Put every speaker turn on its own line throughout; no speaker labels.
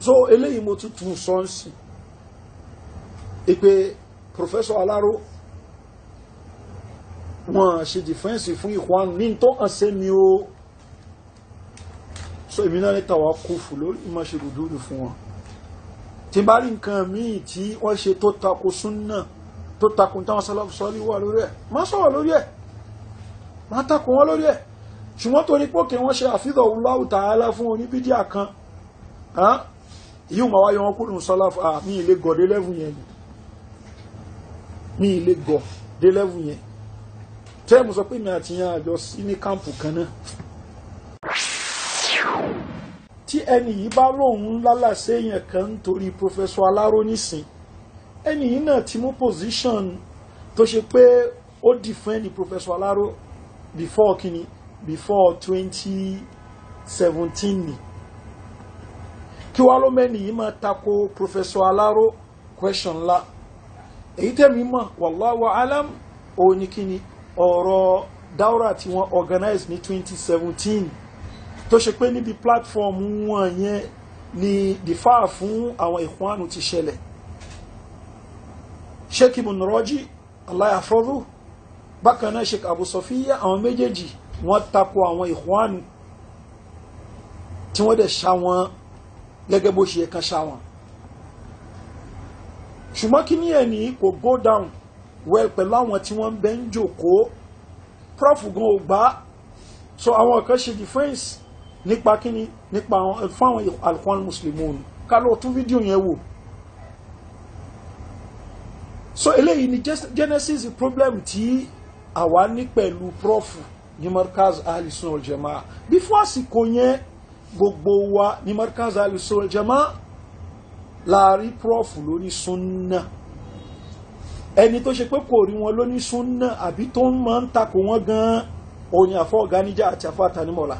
so eléyìí mo tún tún sọ ń sìn ipe professor Alaro wọn ṣe dìfẹ́ǹsì fún ìhuan ní tó hàn sí mi ó so èmi náà níta wá kú fù lórí ìmọ̀ ṣe rùdúrù fún wọn tí bá rí nǹkan míì tí wọ́n ṣe tó tako súnà tó takun táwọn sálàfù sọ́ọ́lì wà lórí ẹ̀ má sọ̀rọ̀ lórí ẹ̀ má takun wọn lórí ẹ̀ ṣùgbọ́n torí pé òkè wọn ṣe àfihàn Allahu Ta'ala fún oníbídíà kan yíò máa wáyọ wọn kúrò sọ́lá mi ilé gọ̀ dé lẹ́vù yẹn ni mi ilé gọ̀ dé lẹ́vù yẹn tẹ́ẹ̀mù sọ pé mi àti yẹn àjọ sí ní káàmpù kan náà tí ẹni yìí bá lóun lálà séèyàn kan nítorí pòfẹ́sọ aláró nísìn ẹni yìí náà ti mú pòsíṣàn tó ṣe pé ó dìfẹ́ndì pòfẹ́sọ aláró before kínní before twenty seventeen ni kí wàá ló mẹ́ni yìí máa tako professor aláró question la, èyí tẹ̀mí mọ̀ wallahu alam òun ni kí ni ọ̀rọ̀ daura tí wọ́n organize ní 2017 tó ṣe pé níbi platform wọn yẹn ni dìfà fún àwọn ìkwánu ti ṣẹlẹ̀ sheikh ibn rọ́jí Allah yahfazu bákan náà sheikh abu sofiya àwọn méjèèjì wọ́n tako àwọn ìkwánu tí wọ́n dẹ̀ ṣá wọn gẹ́gẹ́ bó ṣe kan ṣá wọn ṣùgbọ́n kí ní ẹni kò go down well pẹ̀lú àwọn tí wọ́n ń bẹ́ ń jòkóó prof gan ò gbá so àwọn kan ṣe defense nípa kíni nípa fáwọn alukwan muslimun ká lọ tún fídíò yẹn wò so eléyìí ni genesis problem tí àwa ní pẹ̀lú prof ní markaz alisun olùjẹ̀má bí fún àsìkò yẹn gbogbo wa ní markaz al-sunnah jama láàrin prof lóní súnnà ẹni tó ṣe pé kò rí wọn lóní súnnà àbí tó ń máa ń takò wọn gan-an òyìn àfọ́ ọ̀gáníjà àti àfọ́ àtànímọ̀lá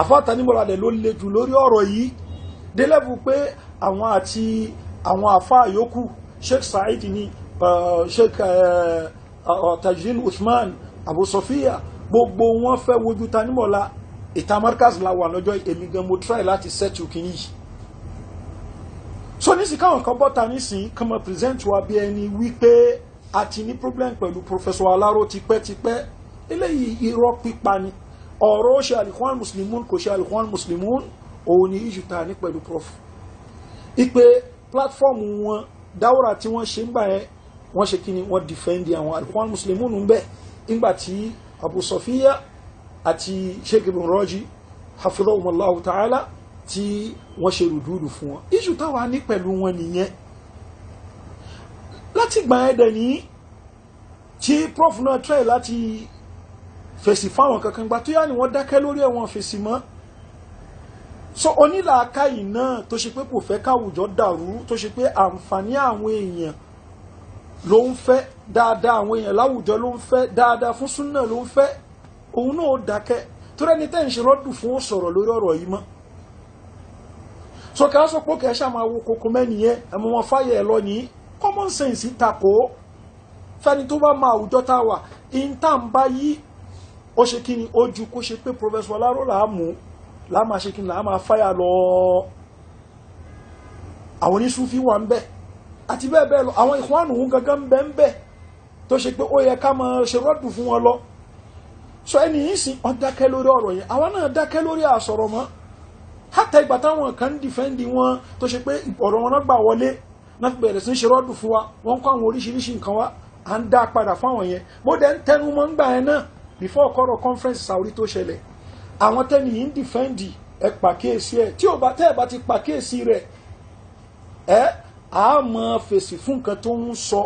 àfọ́ àtànímọ̀lá rẹ̀ ló le jù lórí ọ̀rọ̀ yìí délẹ́bù pé àwọn àti àwọn àfá àyókù sheikh saidi ni uh, sheikh uh, tajin usman abu sofiya gbogbo wọn fẹ́ wojú ta nímọ̀lá ìta markaz la wà lọ́jọ́ èmi gan mo try láti settle kìíní yìí so nísìnyí káwọn kan bọ́ta nísìnyí kàn mọ́ present wa bí ẹni wípé a ti ní problem pẹ̀lú professor alaro tipẹ́tipẹ́ eléyìí irọ́ pípa ni ọ̀rọ̀ ó ṣe alikhwan muslimun kò ṣe alikhwan muslimun òun ni issue ta ní pẹ̀lú prof ipe platform wọn dáwọ́ra tí wọ́n ṣe ń gbà yẹn wọ́n ṣe kí ni wọ́n defend àwọn alikhwan muslimun ń bẹ̀ nígbà tí abu sofiya àti sheikh ibn rọ́jí hafidhahumullahu ta'ala tí wọ́n ṣe rùdúrù fún wọn iṣu táwa ní pẹ̀lú wọn nìyẹn láti gbà ẹ̀dẹ̀ ní tí prof náà try láti fèsì fáwọn kankan gbà tó yá ni wọ́n dákẹ́ lórí ẹ̀wọ̀n fèsì mọ́ so onílàákàyè náà tó ṣe pé kò fẹ́ káwùjọ dàrú tó ṣe pé àǹfààní àwọn èèyàn ló ń fẹ́ dáadáa àwọn èèyàn láwùjọ ló ń fẹ́ dáadáa fún súnà ló ń fẹ́ òun náà ó dákẹ́ torí ẹni tẹ́ ń ṣe rọ́dù fún ó sọ̀rọ̀ lórí ọ̀rọ̀ yìí mọ́ so kí a sọ pé kẹ́ ẹ ṣáà máa wo koko mẹ́niyẹn ẹ̀mọ́ wọn fáyẹ̀ ẹ̀ lọ yìí common sense takò fẹ́ni tó bá máa àwùjọ tá a wà ìntà ń bá yí ó ṣe kí ni ojú kó ṣe pé professor aláró là á mú là á máa ṣe kí ni là á máa fáyà lọ àwọn oníṣúfì wà ń bẹ àti bẹ́ẹ̀ bẹ́ẹ̀ lọ àwọn ìkùnánù gangan ń bẹ ń bẹ́ẹ̀ tó ṣe pé ó yẹ ká máa ṣe rọ́dù fún wọn lọ sọ ẹni yìí sìn ọ́n dákẹ́ lórí ọ̀rọ̀ yẹn àwa náà dákẹ́ lórí àsọ̀rọ̀ mọ́ hátà ìgbà táwọn kan ń dìfẹ́ǹdì wọn tó ṣe pé ọ̀rọ̀ wọn náà gbà wọlé náà fi bẹ̀rẹ̀ sí ṣe rọ́dù fún wa wọ́n ń kọ́ àwọn oríṣiríṣi nǹkan wa à ń dá padà fáwọn yẹn mo dẹ̀ ń tẹnu mọ́ ń gbà yẹn náà before ọkọ̀rọ̀ conference Saudi tó ṣẹlẹ̀ àwọn tẹ́ni yìí ń dìfẹ́ǹdì ẹ pàkíyèsí ẹ tí ò bá tẹ́ ẹ bá ti pàkíyèsí rẹ̀ ẹ àá mọ fèsì fún nǹkan tó ń sọ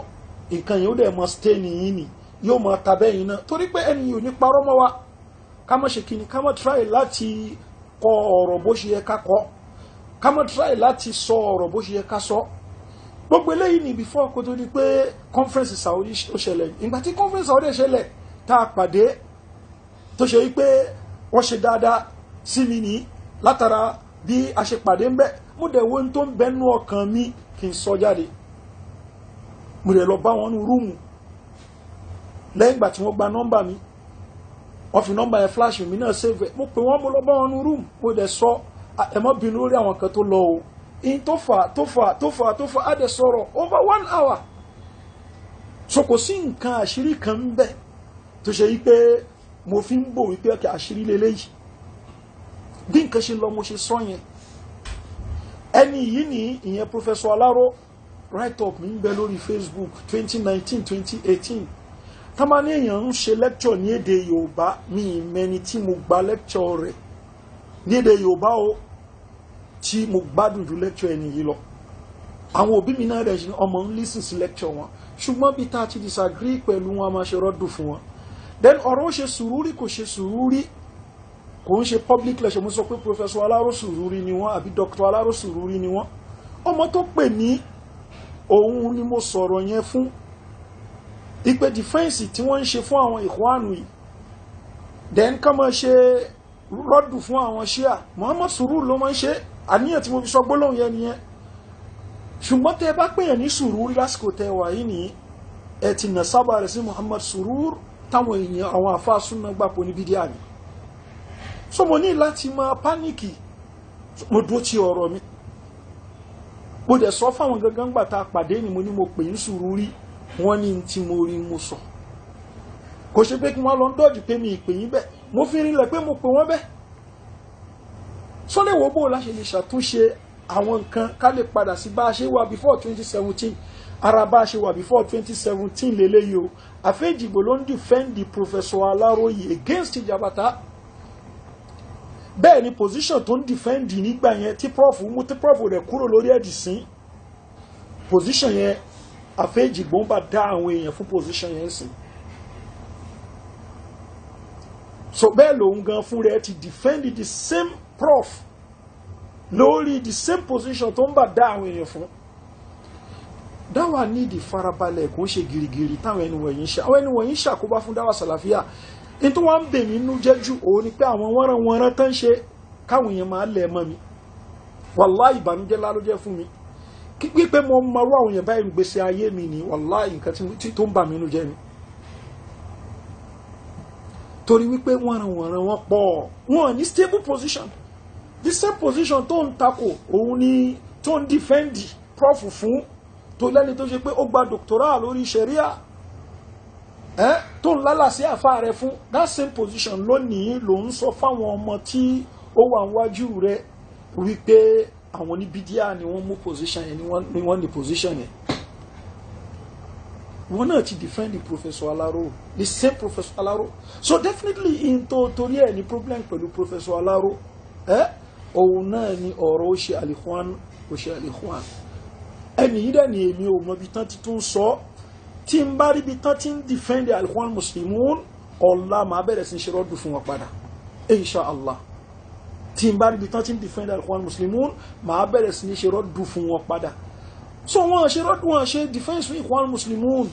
nǹkan yìí ó dẹ̀ mọ stain yìí ni yóò mọ tabẹ́ yìí náà torí pé ẹni yìí ò ní parọ́ mọ́ wa ká má ṣe kíni ká má try láti kọ ọ̀rọ̀ bó ṣe yẹ ká kọ ká má try láti sọ ọ̀rọ̀ bó ṣe yẹ ká sọ gbogbo eléyìí ni before kó tó di pé conference Saudi ó ṣẹlẹ̀ ìgbà tí conference Saudi ṣẹlẹ̀ tá a pàdé tó ṣe wípé wọ́n ṣe dáadáa sí mi nìyí látara bí a ṣe pàdé ń bẹ́ mo dẹ̀ wo ohun tó ń bẹnu ọkàn mi kí n sọ jáde mo rẹ̀ lọ bá wọn ní rúùmù lẹ́yìn ìgbà tí wọ́n gba nọ́mbà mi wọ́n fi nọ́mbà yẹn flash mi náà save mo pè wọ́n mo lọ bá wọn ní rúùmù mo dẹ̀ sọ ẹ̀mọ́ bínú lórí àwọn kan tó lọ o in tó fà tó fà tó fà tó fà á dẹ̀ sọ̀rọ̀ over one hour so kò sí nǹkan àṣírí kan ń bẹ tó ṣe yí pé mo fi ń bò wípé ọkẹ àṣírí lélẹ́yìí bí nǹkan ṣe lọ mo ṣe sọ yẹn ẹni yìí ni ìyẹn professor Aláró write up mi ń bẹ lórí Facebook twenty nineteen twenty eighteen tamale èèyàn ń ṣe lecture ní èdè Yorùbá mi mẹni tí mo gba lecture rẹ̀ ní èdè Yorùbá o tí mo gbádùn ju lecture ẹni yìí lọ àwọn òbí mi náà rẹ̀ ṣe ọmọ ń listen sí lecture wọn ṣùgbọ́n bí tá a ti disagree pẹ̀lú wọn a máa ṣe rọ́dùn fún wọn then ọ̀rọ̀ ṣe sùúrù rí kò ṣe sùúrù kò ń ṣe public lecture mo sọ pé professor aláró sùúrù rí ni wọ́n àbí doctor aláró sùúrù ni wọ́n ọmọ tó pè ní òun ni mo sọ̀rọ̀ yẹn fún ipe dìfẹ́ǹsì tí wọ́n ń ṣe fún àwọn ìkwánu yìí then ká máa ṣe rọ́dù fún àwọn ṣíà Muhammad Sururi ló máa ń ṣe àníyàn tí mo fi sọ gbólóhùn yẹn nìyẹn ṣùgbọ́n tẹ bá pèèyàn ní Sururi lásìkò tẹ wà yìí nìyí ẹ ti nà sábà rẹ̀ sí Muhammad Sururi táwọn èèyàn àwọn àfa súnmọ́ gbàpọ̀ níbi díà ni so mo ní láti máa pánìkì mo dúró ti ọ̀rọ̀ mi mo dẹ̀ sọ fáwọn gangan gbà tá a pàdé ni mo ní mo pè ń sùúrù rí wọ́n ní tí mo rí mo sọ kò ṣe pé kí wọ́n lọ ń dọ́jú pé mi ìpè yín bẹ́ẹ̀ mo fi rinlẹ̀ pé mo pè wọ́n bẹ́ẹ̀ sọ́lẹ̀ wo bó la ṣe lè ṣàtúnṣe àwọn nǹkan ká lè padà sí bá a ṣe wà before twenty seventeen ara bá a ṣe wà before twenty seventeen lélẹ́yìí o àfẹ́jìgbò ló ń dìfẹ́ǹdì professor Aláròyè against ìjàmbá ta bẹ́ẹ̀ ni position tó ń defend nígbà yẹn tí prof mú tí prof rẹ̀ kúrò lórí ẹ̀dì sí position yẹn àfẹ́jì gbọ́nba dá àwọn èèyàn fún position yẹn sí so bẹ́ẹ̀ lòun gan fún rẹ̀ ti defend the same prof lórí the same position tó ń bà dá àwọn èèyàn fún dáwà ní ìdí farabalẹ̀ kò ń ṣe gírígírí táwọn ẹni wọ̀nyí ń ṣe àwọn ẹni wọ̀nyí ń ṣàkóbá fún dáwà sàlàfíà ní tó wá ń bè mí nú jẹ́ jù òun ni pé àwọn wọ́nranwọ́nran tán ṣe káwọn èèyàn máa lẹ̀ mọ́ mi wàláì ìbànújẹ́ láló jẹ́ fún mi kíkí pé mo mọrú àwọn èèyàn báyìí gbèsè ayé mi ni wàláì nǹkan tí tó ń bà mí nú jẹ́ ni torí wípé wọ́nranwọ́nran wọn pọ̀ wọn ní stable position the same position tó ń takò òun ni tó ń defend prof fún tó lẹ́ni tó ṣe pé ó gba doctoral lórí sharia ẹ́n tó ń lálàsí àfa rẹ fún that same position lónìí ló ń sọ fáwọn ọmọ tí ó wà níwájú rẹ wípé àwọn ní bídíà ni wọ́n mú position yẹn ni wọ́n ní position yẹn wọn náà ti defend professor Alaro the same professor Alaro so definitely in to torí ẹ ní problem pẹ̀lú professor Alaro ẹ òun náà ni ọ̀rọ̀ ó ṣe àlìkùn ó ṣe àlìkùn ẹnì yìí dẹ̀ ni èmi ò mọbi tán ti tún sọ ọ́ tí n bá ríbi tán ti ń defend al-Ikhwan al-Muslimun ọ̀la màá bẹ̀rẹ̀ sí ṣe rọ́dù fún wọn padà insha allah tí n bá ríbi tán ti ń defend al-Ikhwan al-Muslimun màá bẹ̀rẹ̀ sí ṣe rọ́dù fún wọn padà so wọn ṣe rọ́dù wọn ṣe defense fún Ikhwan al-Muslimun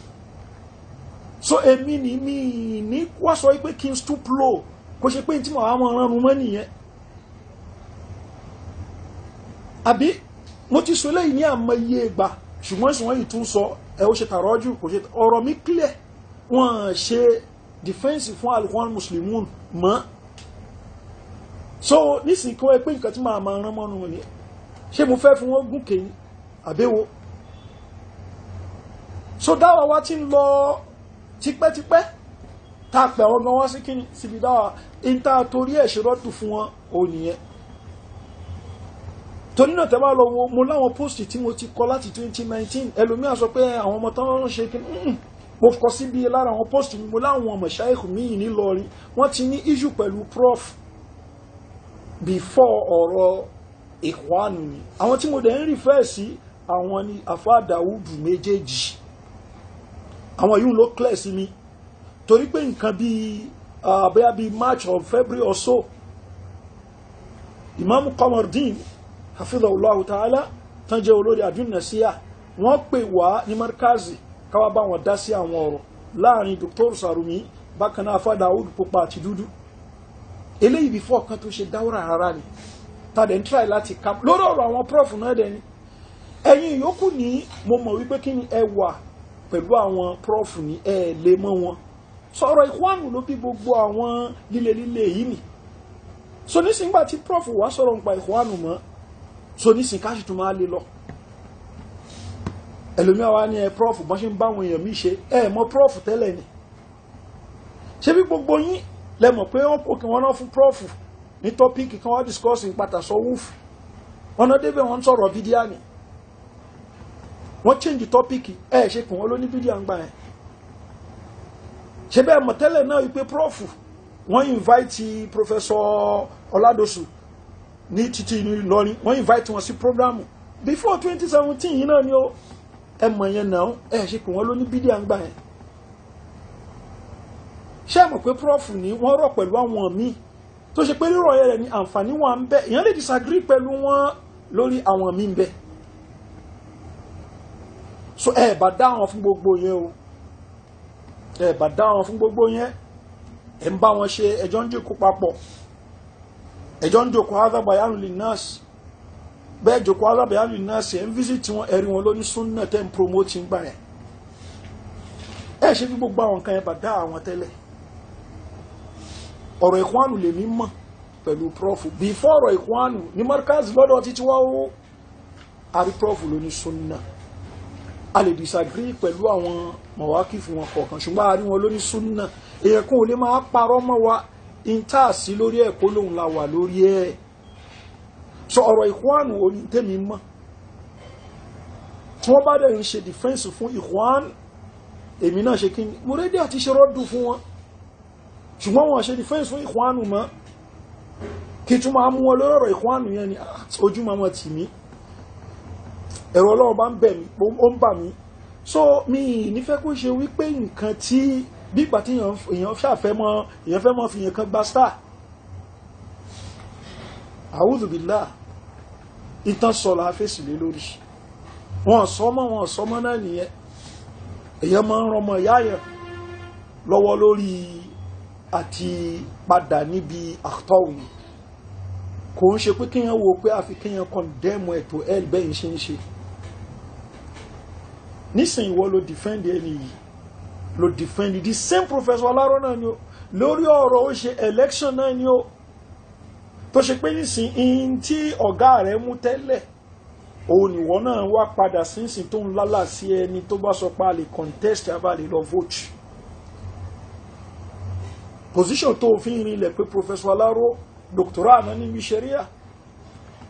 so èmi ni mi ní wá sọ pé kí n stoop low kó ṣe pé tí mo àwọn ọ̀ràn mọ́ nìyẹn àbí mo ti sọ eléyìí ní àmọ́ iye ìgbà ṣùgbọ́n ìsìn yìí tún sọ ẹ ó ṣe tàrọ́jù kò ṣe ọ̀rọ̀ mi clear wọ́n ṣe defense fún alukwan muslimun mọ́ so nísìnyí kí wọ́n pé nǹkan tí màá máa rán mọ́nu wọn ni ṣé mo fẹ́ fún wọn gúnkè ní àbẹ́wò so dáwà wa ti ń lọ tipẹ́tipẹ́ tá a pẹ̀ wọn gan wá sí kíni síbi dáwà ìta torí ẹ̀ ṣe rọ́tù fún wọn ò nìyẹn torí náà tẹ́wàá lọ wo mo láwọn post tí mo ti kọ láti 2019 ẹlòmíà sọ pé àwọn ọmọ tán ń ṣe kí mo kọ sí bí lára àwọn post mi mo láwọn ọmọ ṣáìkù míì nílọrin wọ́n ti ní issue pẹ̀lú prof before ọ̀rọ̀ ìkwánu ni àwọn tí mo dẹ̀ ń refer sí àwọn ni àfáàdáwùdù méjèèjì àwọn yìí ló clear sí mi torí pé nǹkan bíi àbẹ́yà ah, bíi march of february or so ìmáàmù Qamardeen hafizahu Allahu ta'ala tán jẹ́ olórí àdúnnàsíyà wọ́n pè wa ni markazi káwá bá wọn dá sí àwọn ọ̀rọ̀ láàrin dr sarumi bákan náà afá dawud pupa àti dúdú eléyìí bí fọ́ọ̀kan tó ṣe dáwọ́rà rárá ni tàdé ń tíráì láti ká lórí ọ̀rọ̀ àwọn prof náà dẹ̀ ni ẹ̀yin yòókù ní mo mọ̀ wípé kí ni ẹ wà pẹ̀lú àwọn prof ní ẹ lè mọ́ wọn sọ̀rọ̀ ìkwánù ló bí gbogbo àwọn líle líle yìí ni so nísìnyí gbà tí prof wá sọ̀rọ̀ nípa ìkwánù mọ́ so nísìnyí káṣí tún máa lè lọ ẹlòmí wa ni ẹ prof bọ́n ṣe ń báwọn èèyàn mi ṣe ẹ mọ prof tẹ́lẹ̀ ni ṣé bí gbogbo yín lẹ́mọ̀ pé wọ́n kò kí náà fún prof ní tọ́píìkì kan wá discuss ìpàtà sọ wúfù wọn náà débẹ̀ wọ́n ń sọ̀rọ̀ bídíà ni wọ́n change tọ́píìkì ẹ ṣe kàn wọ́n ló ní bídíà ń gbà yẹn ṣé bẹ́ẹ̀ mọ̀ tẹ́lẹ̀ náà wípé prof wọ́n invite professor Oladosu ní títí ìlú Ìlọrin wọ́n invite wọn sí programu before twenty seventeen yìí náà ni ó ẹ mọ̀ yẹn náà ẹ ṣe pé wọ́n ló ní bídíà ń gbà yẹn ṣé ẹ mọ̀ pé prof ni wọ́n rọ̀ pẹ̀lú àwọn míì tó ṣe pé rírọ̀ rẹ̀ ni àǹfààní wọn ń bẹ èèyàn lè disagree pẹ̀lú wọn lórí àwọn míì ń bẹ so ẹ bá dá wọn fún gbogbo yẹn o ẹ bá dá wọn fún gbogbo yẹn ẹ ń bá wọn ṣe ẹjọ́ ń jókòó papọ̀ ẹjọ́ ń jòkó adábàyánù lè nọ́ọ̀sì bẹ́ẹ̀ jòkó adábàyánù lè nọ́ọ̀sì ẹ̀ ń fíṣítì wọn ẹ̀rí wọn lóní súnà tẹ́ ń promote ń gbà yẹn ẹ̀ ṣe fi gbogbo àwọn nǹkan yẹn bà dá àwọn tẹ́lẹ̀ ọ̀rọ̀ ìkwánù lè mí mọ̀ pẹ̀lú prọ́fù bífọ́ ọ̀rọ̀ ìkwánù ní markazi lọ́dọ̀ títí wá ó àrí prọ́fù lóní súnà a lè disagree pẹ̀lú àwọn mọ̀wákì fún wọn kọ̀ọ̀kan ṣùgbọ́n àrí wọn lóní súnà èèyàn kún ò lè máa parọ́ mọ́ wa intaasi lórí ẹ̀ kó lóun la wà lórí ẹ̀ so ọ̀rọ̀ ìkwánu oní tẹ́mi mọ́ tí wọ́n bá dẹ̀ ń ṣe dìfẹ́ǹsì fún ìkwán èmi náà ṣe kí ni mo rédí àti ṣe rọ́dù fún wọn ṣùgbọ́n wọn ṣe dìfẹ́ǹsì fún ìkwánu mọ́ kí tún máa mú wọn lórí ọ̀rọ̀ ìkwánu yẹn ni ah, ojú máa mọ̀ tì mí ẹ̀rọ ọlọ́run bá ń bẹ̀ mí ó ń bà mí so mi nífẹ̀ẹ́ kó ṣe wípé nǹkan tí bí ìgbà tí èèyàn ṣàfẹ́ mọ́ èèyàn fẹ́ mọ́ fi yẹn kan gba star àwùdùbílà ìtàn sọ̀rọ̀ àfẹ́sìlẹ̀ lórí wọn sọmọ wọn sọmọ náà nìyẹn èèyàn máa ń rọmọ ìyá yẹn lọ́wọ́ lórí àti padà níbi àtọ́wù kò ń ṣe pé kéèyàn wo pé àfi kéèyàn kọ́ndẹ́mù ẹ̀tọ́ ẹ̀ bẹ́yìn ṣe ń ṣe nísìnyí wọ́n lo dìfẹ́ǹdì ẹni yìí ló defend the same professor aláró náà ni o lórí ọ̀rọ̀ ó ṣe election náà ni o tó ṣe pé nísìnyí tí ọ̀gá rẹ̀ mú tẹ́lẹ̀ òun ìwọ náà wá padà sínsìn tó ń lálà sí ẹni tó bá sọ pé a lè contest a lọ vote position tó fi ń rinlẹ̀ pé professor aláró doctoral náà níbi sharia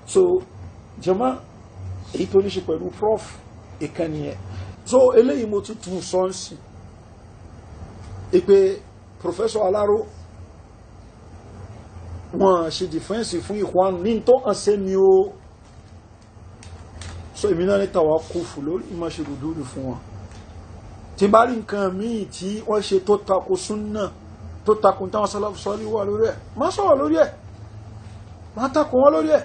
so jẹ́mọ́ èyí tó ní ṣe pẹ̀lú prof ìkànnì ẹ̀ so eléyìí mo tuntun sọ́ọ̀sì ipe professor alaro wọn ṣe dìfẹ́ǹsì fún ìkwán ní tó hàn sí ni ó so èmi náà ní tàwa kú fù lórí ìmọ̀ ṣe rùdúrù fún wọn tí bá rí nǹkan míì tí wọ́n ṣe tó tako súnà tó tako táwọn sálàfù sọ́ọ́lì wà lórí ẹ̀ má sọ̀rọ̀ lórí ẹ̀ má tako wọn lórí ẹ̀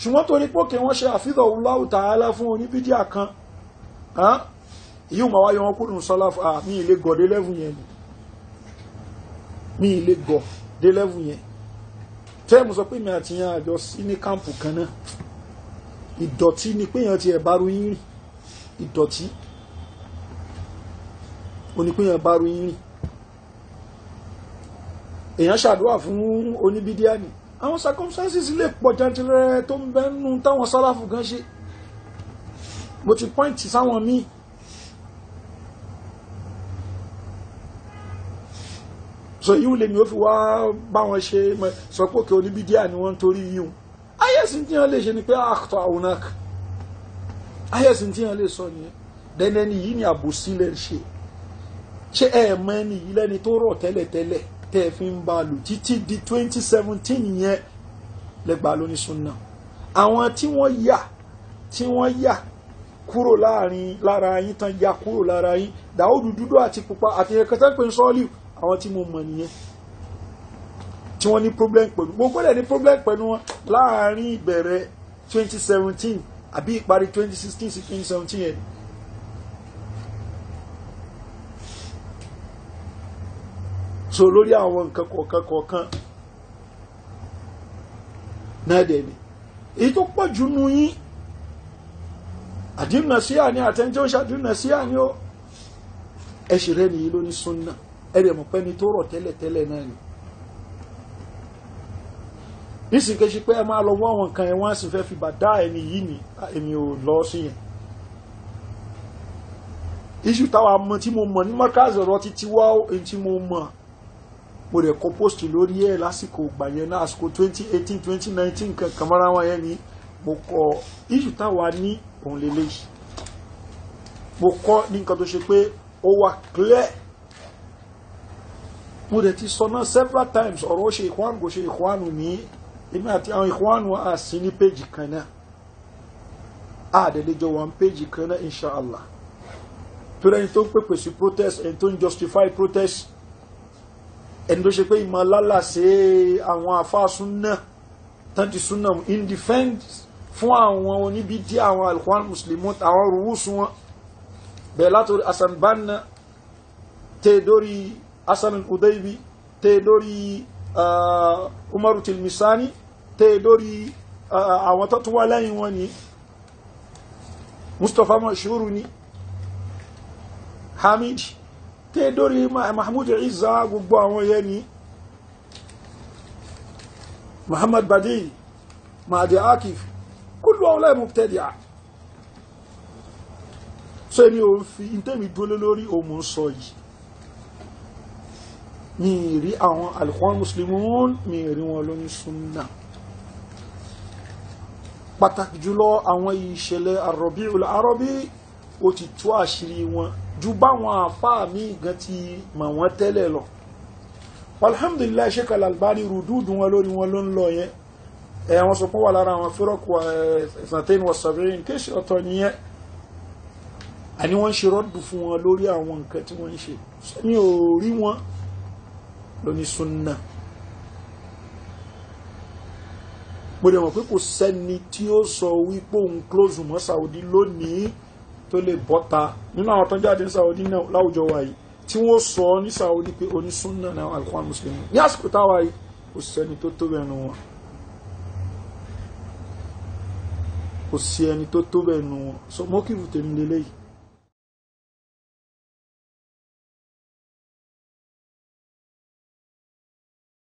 ṣùgbọ́n torí pókè wọ́n ṣe àfihàn Allahu Ta'ala fún oníbídíà kan ah, yíò máa wáyé wọn kúrò sálàfù àmì ah, ilé gọ̀dẹ́lẹ́vù yẹn ni mi ilé gọ̀ dé lẹ́vù yẹn tẹ́ẹ̀mù sọ pé mi àti yẹn àjọ sí ní káàmpù kan náà ìdọ̀tí ni pé yẹn ti ẹ̀ bá ru yín rìn ìdọ̀tí onípéyàn bá ru yín rìn èèyàn ṣàdúrà fún oníbídíà ni àwọn circumstances lè pọ̀ jantirẹrẹ tó ń bẹ́ẹ̀ nù táwọn sáláfù gan ṣe mo ti pọ́ǹtì sáwọn míì so yíwù lèmi ó fi wá bá wọn ṣe sọ pé òkè oníbídíà ni wọ́n ń torí yíwù ayẹ́sìn tí wọ́n lè ṣe ni pé àkọ́tọ̀ ah, àwòrán ayẹ́sìn tí wọ́n lè sọ nìyẹn dẹ́nẹ́ ni yìí ni àbòsí lẹ́ ń ṣe ṣé ẹ mọ̀ ẹni yìí lẹ́ni tó rọ̀ tẹ́lẹ̀tẹ́lẹ̀ tẹ́ ẹ fi ń bá lò títí di twenty seventeen yẹn lẹ́gbà lóní sunna àwọn tí wọ́n yà tí wọ́n yà kúrò láàrin lára yín tán yà kúrò lára yín dàúdù dúdú àti pupa àti ẹ̀kẹ́tẹ́ pé ń sọ́ọ́lì àwọn tí mo mọ̀ nìyẹn tí wọ́n ní problem pẹ̀lú mo gbọ́dọ̀ ní problem pẹ̀lú wọn láàárín ìbẹ̀rẹ̀ 2017 àbí ìparí 2016 sí 2017 yẹn. so lórí àwọn nǹkan kọ̀ọ̀kan kọ̀ọ̀kan náà dẹ̀ ni èyí tó pọ̀ jù nù yín àdínà síà ni àtẹnjẹ́ òṣàdínà síà ni ó ẹ̀ṣìn rẹ̀ nìyí ló ní súnà ẹ̀rẹ̀ mọ̀ pẹ́ni tó rọ̀ tẹ́lẹ̀ tẹ́lẹ̀ náà ni nísìnkejì pé ẹ máa lọ wọ́n àwọn nǹkan ẹ̀ wọ́n á sì fẹ́ fi bà ẹni yìí ni èmi ò lọ sí yẹn iṣu táwa mọ tí mo mọ̀ ní mọ́kàzì ọ̀rọ̀ títí wá èyí tí mo mọ̀ mo rẹ̀ kọ́ post lórí ẹ̀ lásìkò ìgbà yẹn náà àsìkò 2018 2019 kankan mọ́ra wọn yẹn ni mo kọ iṣu táwa ní òun lélẹ́yìí mo kọ́ ní nǹkan tó ṣe pé ó wà clear mo dẹ̀ ti sọ náà several times ọ̀rọ̀ ṣe ìkwánu kò ṣe ìkwánu ní èmi àti àwọn ìkwánu à sí ní péjì kan náà àdẹ̀lẹ́jọ wọn péjì kan náà inshàlá torí ẹni tó ń pèpè sí protest ẹni tó ń justify protest ẹni tó ṣe pé ìmọ̀ lálàsẹ̀ àwọn afáàsùn náà tán ti súnà in defense fún àwọn oníbi tí àwọn alkwan muslimun àwọn rúwúsùn wọn bẹ̀rẹ̀ látòrí asanbanna tẹ́ hasan al-udaybi tẹ́ lórí uh, umaru tilmisani tẹ́ lórí uh, àwọn tó tún wá lẹ́yìn wọn ni mustapha mashuru ni hamid tẹ́ lórí mahmud izza gbogbo àwọn yẹn ni muhammad badi mahdi akif kúlù àwọn mubtadi'a so èmi ò ń fi ìtẹ́mi dúró lórí òun sọ yìí mi rí àwọn alìkọ́n muslimun mi rí wọn lóní súnnà pàtàkì jùlọ àwọn ìṣẹ̀lẹ̀ Ar-Rabi'ul Arabi ó ti tú àṣírí wọn ju báwọn àfáà mi gan ti mọ̀ wọ́n tẹ́lẹ̀ lọ alhamdulillah Sheikh Al-Albani rùdúdù wọn lórí wọn ló ń lọ yẹn ẹ wọn sọ pé wà lára àwọn fẹ́rọ̀kù ẹ̀sàtẹ́ni wọ̀sàbẹ̀rin kí ṣe ọ̀tọ̀ nìyẹn àní wọ́n ń ṣe rọ́dù fún wọn lórí àwọn nǹkan tí wọ́n ń ṣe mi ò rí wọn lóní súnà mo dẹ̀ mọ̀ pé kò sẹ́ni tí ó sọ wípé òun close mọ́ Saudi lónìí tó lè bọ́ta nínú àwọn tó jáde ní Saudi náà láwùjọ wa yìí tí wọ́n sọ ní Saudi pé onísúnà náà alukwan muslim ní àsìkò táwa yìí kò sẹ́ni tó tó bẹ́ẹ̀ wọn kò sí ẹni tó tó bẹ́ẹ̀ wọn so mọ́kìrù tèmi lélẹ́yìí.